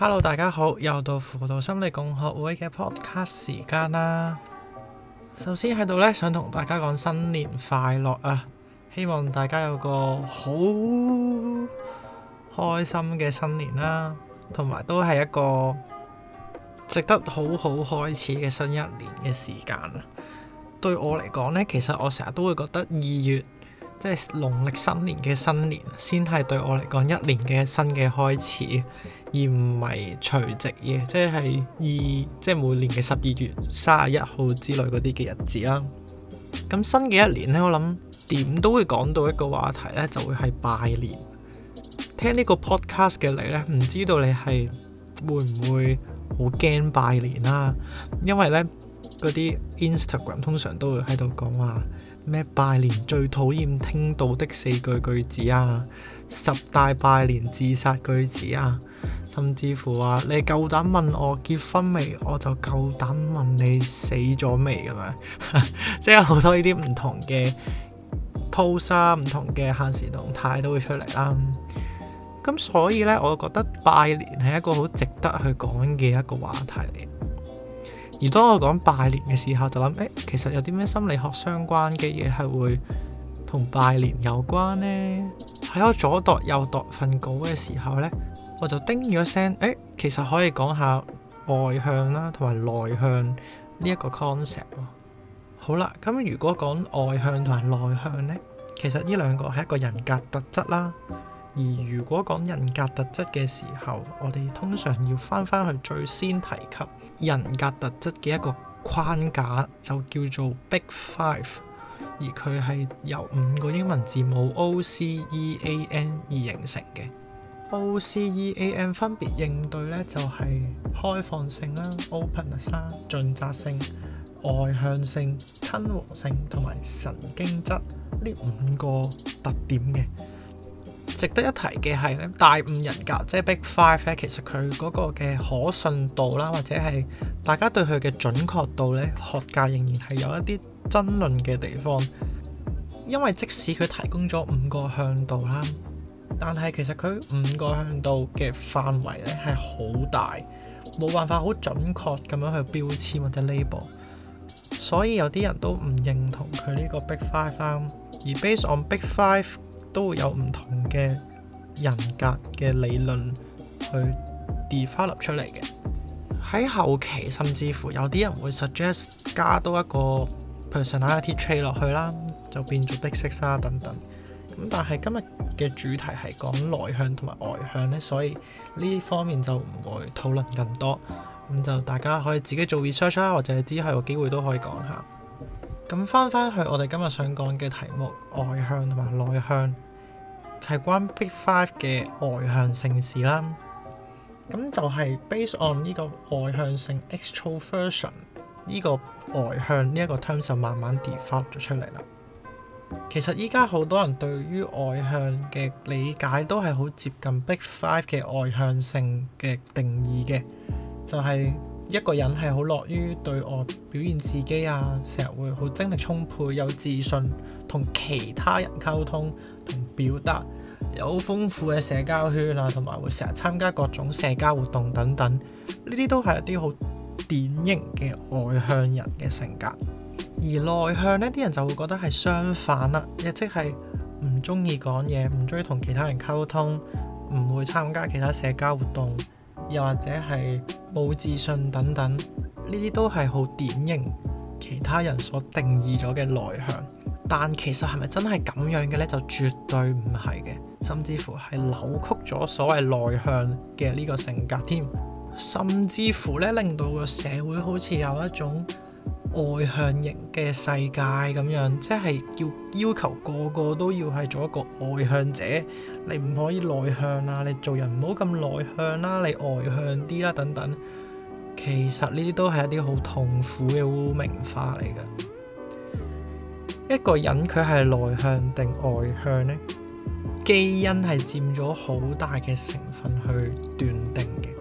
Hello，大家好，又到輔導心理共學會嘅 podcast 時間啦。首先喺度呢，想同大家講新年快樂啊！希望大家有個好開心嘅新年啦，同埋都係一個值得好好開始嘅新一年嘅時間啊。對我嚟講呢，其實我成日都會覺得二月，即係農曆新年嘅新年，先係對我嚟講一年嘅新嘅開始。而唔係除夕嘅，即係二即係每年嘅十二月三十一號之類嗰啲嘅日子啦。咁新嘅一年呢，我諗點都會講到一個話題呢，就會、是、係拜年。聽呢個 podcast 嘅你呢，唔知道你係會唔會好驚拜年啦、啊？因為呢嗰啲 Instagram 通常都會喺度講話咩拜年最討厭聽到的四句句子啊，十大拜年自殺句子啊。甚至乎話，你夠膽問我結婚未，我就夠膽問你死咗未咁樣， 即係好多呢啲唔同嘅 post 唔同嘅限時動態都會出嚟啦。咁所以呢，我覺得拜年係一個好值得去講嘅一個話題。而當我講拜年嘅時候，就諗誒、欸，其實有啲咩心理學相關嘅嘢係會同拜年有關呢？喺我左度、右度瞓稿嘅時候呢，」我就叮咗聲，誒、哎，其實可以講下外向啦，同埋內向呢一個 concept。好啦，咁如果講外向同埋內向呢，其實呢兩個係一個人格特質啦。而如果講人格特質嘅時候，我哋通常要返返去最先提及人格特質嘅一個框架，就叫做 Big Five，而佢係由五個英文字母 O、C、E、A、N 而形成嘅。OCEAN 分別應對咧就係、是、開放性啦、openness、盡責性、外向性、親和性同埋神經質呢五個特點嘅。值得一提嘅係咧，大五人格即係 Big Five 咧，其實佢嗰個嘅可信度啦，或者係大家對佢嘅準確度咧，學界仍然係有一啲爭論嘅地方。因為即使佢提供咗五個向度啦。但係其實佢五個向度嘅範圍咧係好大，冇辦法好準確咁樣去標籤或者 label，所以有啲人都唔認同佢呢個 Big Five 啦。而 base on Big Five 都會有唔同嘅人格嘅理論去 develop 出嚟嘅。喺後期甚至乎有啲人會 suggest 加多一個 personality trait 落去啦，就變做 Big Six 等等。咁但係今日嘅主題係講內向同埋外向咧，所以呢方面就唔會討論咁多。咁就大家可以自己做 research 啦，或者之後有機會都可以講下。咁翻翻去我哋今日想講嘅題目，外向同埋內向係關 Big Five 嘅外向性事啦。咁就係 based on 呢個外向性 extroversion 呢個外向呢一個 term 就慢慢 develop 咗出嚟啦。其實依家好多人對於外向嘅理解都係好接近 Big Five 嘅外向性嘅定義嘅，就係一個人係好樂於對外表現自己啊，成日會好精力充沛、有自信，同其他人溝通同表達，有好豐富嘅社交圈啊，同埋會成日參加各種社交活動等等，呢啲都係一啲好典型嘅外向人嘅性格。而內向呢啲人就會覺得係相反啦，亦即係唔中意講嘢，唔中意同其他人溝通，唔會參加其他社交活動，又或者係冇自信等等，呢啲都係好典型其他人所定義咗嘅內向。但其實係咪真係咁樣嘅呢？就絕對唔係嘅，甚至乎係扭曲咗所謂內向嘅呢個性格添，甚至乎呢，令到個社會好似有一種，外向型嘅世界咁樣，即係要要求個個都要係做一個外向者，你唔可以內向啦、啊，你做人唔好咁內向啦、啊，你外向啲啦、啊、等等。其實呢啲都係一啲好痛苦嘅污名化嚟嘅。一個人佢係內向定外向呢？基因係佔咗好大嘅成分去斷定嘅，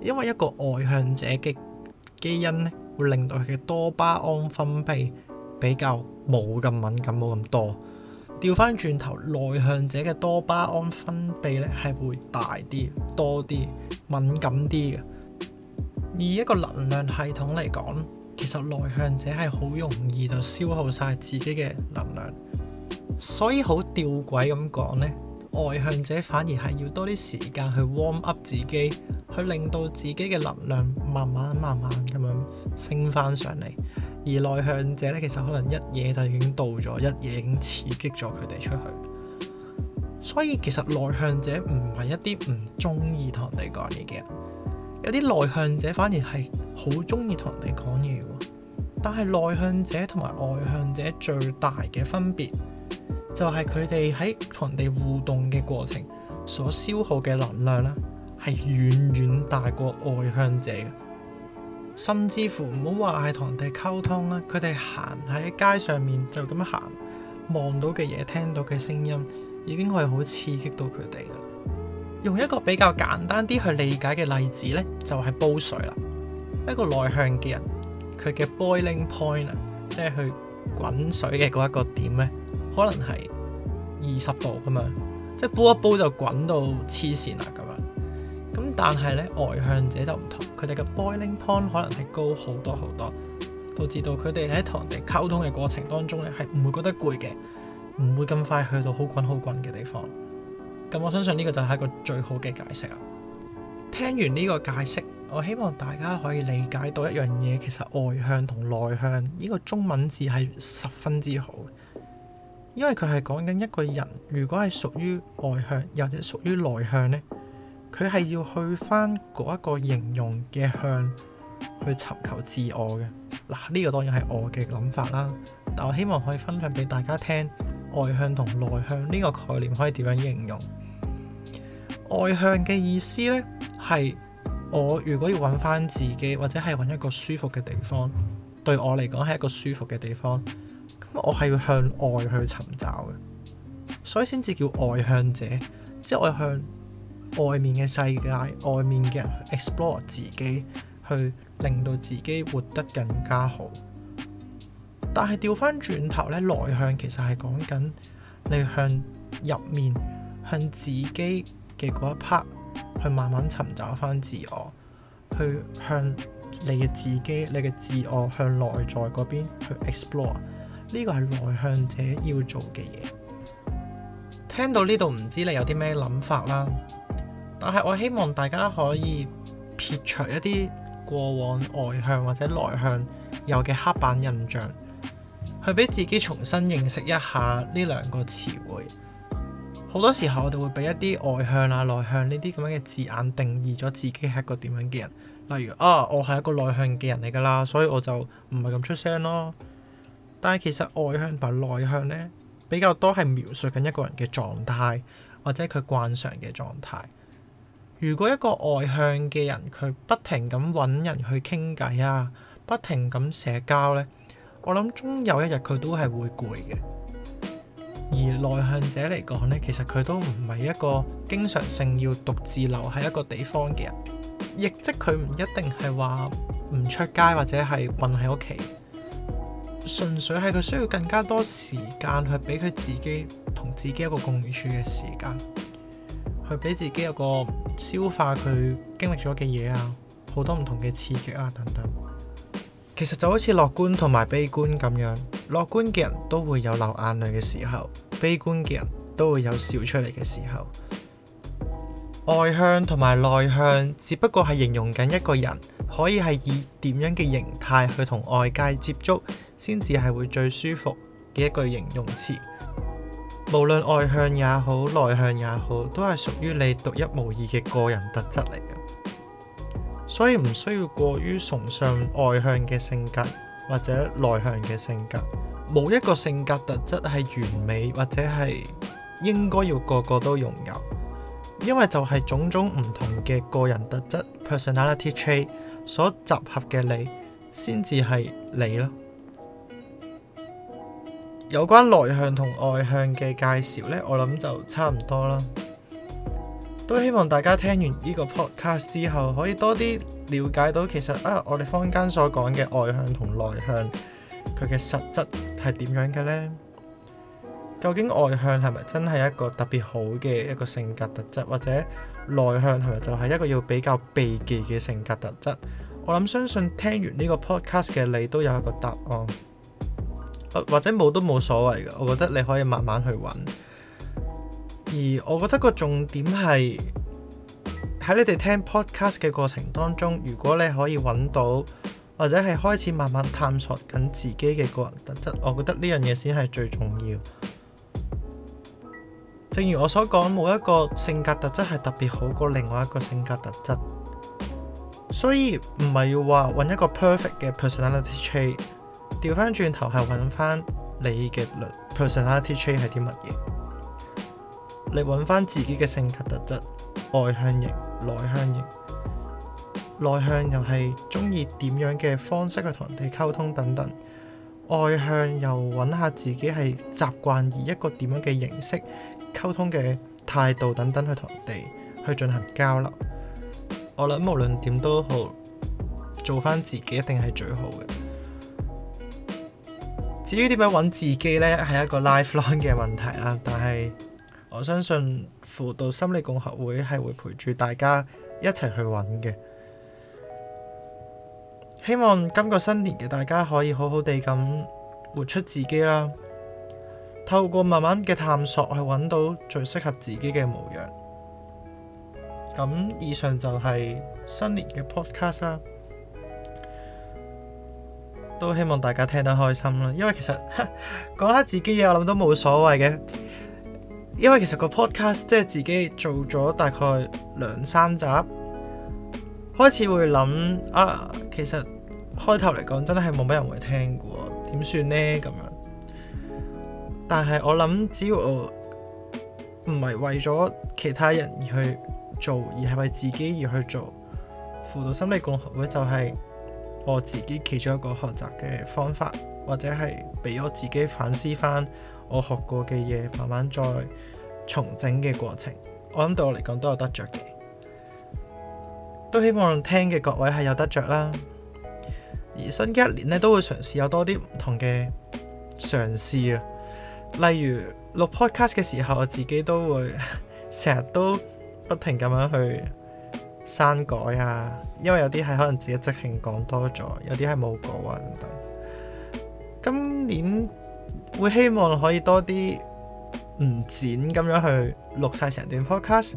因為一個外向者嘅基因咧。會令到佢嘅多巴胺分泌比較冇咁敏感，冇咁多。調翻轉頭，內向者嘅多巴胺分泌咧係會大啲、多啲、敏感啲嘅。以一個能量系統嚟講，其實內向者係好容易就消耗晒自己嘅能量，所以好吊詭咁講呢。外向者反而係要多啲時間去 warm up 自己，去令到自己嘅能量慢慢慢慢咁樣升返上嚟。而內向者呢，其實可能一嘢就已經到咗，一嘢已經刺激咗佢哋出去。所以其實內向者唔係一啲唔中意同人哋講嘢嘅人，有啲內向者反而係好中意同人哋講嘢喎。但係內向者同埋外向者最大嘅分別，就係佢哋喺同人哋互動嘅過程所消耗嘅能量咧，係遠遠大過外向者嘅。甚至乎唔好話係同人哋溝通啦，佢哋行喺街上面就咁樣行，望到嘅嘢、聽到嘅聲音已經係好刺激到佢哋啦。用一個比較簡單啲去理解嘅例子咧，就係煲水啦。一個內向嘅人佢嘅 boiling point 啊，即係佢滾水嘅嗰一個點咧。可能係二十度咁樣，即係煲一煲就滾到黐線啦咁樣。咁但係咧，外向者就唔同，佢哋嘅 boiling point 可能係高好多好多，導致到佢哋喺同人哋溝通嘅過程當中咧，係唔會覺得攰嘅，唔會咁快去到好滾好滾嘅地方。咁我相信呢個就係一個最好嘅解釋啦。聽完呢個解釋，我希望大家可以理解到一樣嘢，其實外向同內向呢個中文字係十分之好。因為佢係講緊一個人，如果係屬於外向，又或者屬於內向呢，佢係要去翻嗰一個形容嘅向去尋求自我嘅。嗱，呢個當然係我嘅諗法啦。但我希望可以分享俾大家聽，外向同內向呢個概念可以點樣形容？外向嘅意思呢，係我如果要揾翻自己，或者係揾一個舒服嘅地方，對我嚟講係一個舒服嘅地方。咁我係要向外去尋找嘅，所以先至叫外向者，即係我向外面嘅世界、外面嘅人去 explore 自己，去令到自己活得更加好。但係調翻轉頭咧，內向其實係講緊你向入面、向自己嘅嗰一 part 去慢慢尋找翻自我，去向你嘅自己、你嘅自我向內在嗰邊去 explore。呢個係內向者要做嘅嘢。聽到呢度唔知你有啲咩諗法啦，但係我希望大家可以撇除一啲過往外向或者內向有嘅刻板印象，去俾自己重新認識一下呢兩個詞彙。好多時候我哋會俾一啲外向啊、內向呢啲咁樣嘅字眼定義咗自己係一個點樣嘅人，例如啊，我係一個內向嘅人嚟㗎啦，所以我就唔係咁出聲咯。但係其實外向同內向咧，比較多係描述緊一個人嘅狀態，或者佢慣常嘅狀態。如果一個外向嘅人，佢不停咁揾人去傾偈啊，不停咁社交呢，我諗終有一日佢都係會攰嘅。而內向者嚟講呢，其實佢都唔係一個經常性要獨自留喺一個地方嘅人，亦即佢唔一定係話唔出街或者係韞喺屋企。純粹係佢需要更加多時間去俾佢自己同自己一個共處嘅時間，去俾自己一個消化佢經歷咗嘅嘢啊，好多唔同嘅刺激啊等等。其實就好似樂觀同埋悲觀咁樣，樂觀嘅人都會有流眼淚嘅時候，悲觀嘅人都會有笑出嚟嘅時候。外向同埋內向，只不過係形容緊一個人。可以係以點樣嘅形態去同外界接觸，先至係會最舒服嘅一句形容詞。無論外向也好，內向也好，都係屬於你獨一無二嘅個人特質嚟嘅，所以唔需要過於崇尚外向嘅性格或者內向嘅性格。冇一個性格特質係完美或者係應該要個個都擁有，因為就係種種唔同嘅個人特質 （Personality trait） 所集合嘅你，先至係你咯。有關內向同外向嘅介紹呢，我諗就差唔多啦。都希望大家聽完呢個 podcast 之後，可以多啲了解到其實啊，我哋坊間所講嘅外向同內向，佢嘅實質係點樣嘅呢？究竟外向係咪真係一個特別好嘅一個性格特質，或者？內向係咪就係一個要比較避忌嘅性格特質？我諗相信聽完呢個 podcast 嘅你都有一個答案，或者冇都冇所謂嘅。我覺得你可以慢慢去揾。而我覺得個重點係喺你哋聽 podcast 嘅過程當中，如果你可以揾到，或者係開始慢慢探索緊自己嘅個人特質，我覺得呢樣嘢先係最重要。正如我所講，冇一個性格特質係特別好過另外一個性格特質，所以唔係要話揾一個 perfect 嘅 personality trait。調翻轉頭係揾翻你嘅 personality trait 係啲乜嘢？你揾翻自己嘅性格特質，外向型、內向型，內向又係中意點樣嘅方式去同人哋溝通等等，外向又揾下自己係習慣以一個點樣嘅形式。溝通嘅態度等等去同地去進行交流，我諗無論點都好，做翻自己一定係最好嘅。至於點樣揾自己呢？係一個 life long 嘅問題啦。但係我相信輔導心理共和會係會陪住大家一齊去揾嘅。希望今個新年嘅大家可以好好地咁活出自己啦。透過慢慢嘅探索去揾到最適合自己嘅模樣。咁以上就係新年嘅 podcast 啦，都希望大家聽得開心啦。因為其實講下自己嘢，我諗都冇所謂嘅。因為其實個 podcast 即係自己做咗大概兩三集，開始會諗：「啊，其實開頭嚟講真係冇乜人會聽過，點算呢？」咁樣。但係我諗，只要我唔係為咗其他人而去做，而係為自己而去做，輔導心理共學會就係我自己其中一個學習嘅方法，或者係俾我自己反思翻我學過嘅嘢，慢慢再重整嘅過程。我諗對我嚟講都有得着嘅，都希望聽嘅各位係有得着啦。而新嘅一年呢，都會嘗試有多啲唔同嘅嘗試啊。例如錄 podcast 嘅時候，我自己都會成日 都不停咁樣去刪改啊，因為有啲係可能自己即興講多咗，有啲係冇講啊等等。今年會希望可以多啲唔剪咁樣去錄晒成段 podcast，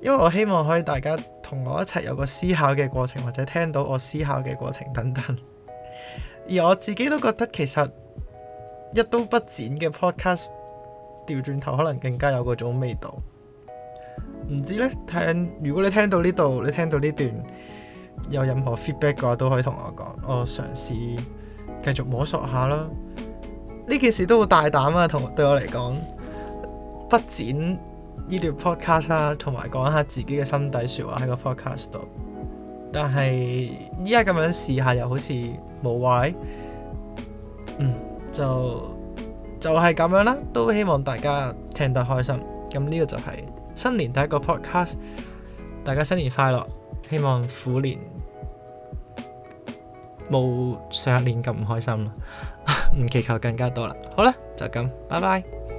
因為我希望可以大家同我一齊有個思考嘅過程，或者聽到我思考嘅過程等等。而我自己都覺得其實。一刀不剪嘅 podcast，掉轉頭可能更加有嗰種味道。唔知呢？聽如果你聽到呢度，你聽到呢段有任何 feedback 嘅話，都可以同我講，我嘗試繼續摸索下啦。呢件事都好大膽啊，同對我嚟講，不剪呢段 podcast 啊，同埋講下自己嘅心底説話喺個 podcast 度。但係依家咁樣試下，又好似冇壞，嗯。就就係、是、咁樣啦，都希望大家聽得開心。咁呢個就係新年第一個 podcast，大家新年快樂，希望虎年冇上一年咁唔開心，唔祈 求更加多啦。好啦，就咁，拜拜。